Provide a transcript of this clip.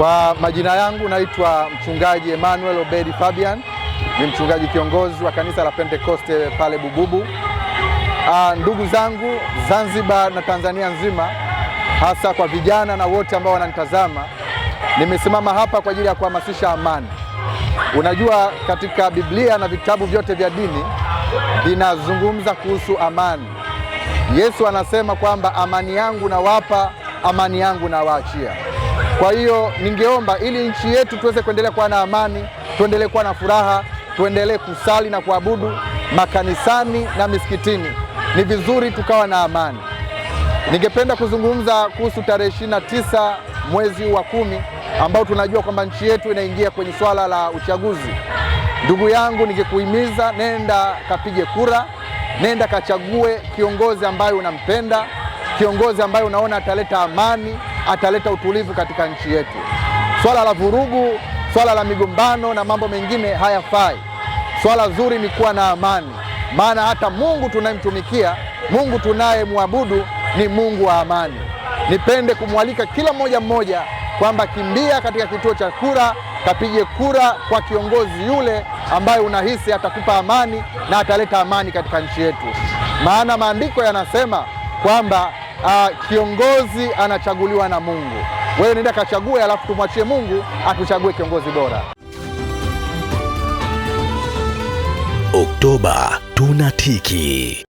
Kwa majina yangu naitwa mchungaji Emmanuel Obedi Fabian, ni mchungaji kiongozi wa kanisa la Pentekoste pale Bububu. Aa, ah, ndugu zangu Zanzibar na Tanzania nzima, hasa kwa vijana na wote ambao wananitazama, nimesimama hapa kwa ajili ya kuhamasisha amani. Unajua, katika Biblia na vitabu vyote vya dini vinazungumza kuhusu amani. Yesu anasema kwamba amani yangu nawapa, amani yangu nawaachia. Kwa hiyo ningeomba ili nchi yetu tuweze kuendelea kuwa na amani, tuendelee kuwa na furaha, tuendelee kusali na kuabudu makanisani na misikitini. Ni vizuri tukawa na amani. Ningependa kuzungumza kuhusu tarehe ishirini na tisa mwezi wa kumi ambao tunajua kwamba nchi yetu inaingia kwenye swala la uchaguzi. Ndugu yangu, ningekuhimiza nenda kapige kura, nenda kachague kiongozi ambaye unampenda, kiongozi ambaye unaona ataleta amani ataleta utulivu katika nchi yetu. Swala la vurugu, swala la migombano na mambo mengine hayafai. Swala zuri ni kuwa na amani, maana hata Mungu tunayemtumikia, Mungu tunayemwabudu ni Mungu wa amani. Nipende kumwalika kila mmoja mmoja kwamba kimbia katika kituo cha kura, kapige kura kwa kiongozi yule ambaye unahisi atakupa amani na ataleta amani katika nchi yetu, maana maandiko yanasema kwamba uh, kiongozi anachaguliwa na Mungu. Wewe nenda kachague, alafu tumwachie Mungu atuchague kiongozi bora. Oktoba tunatiki.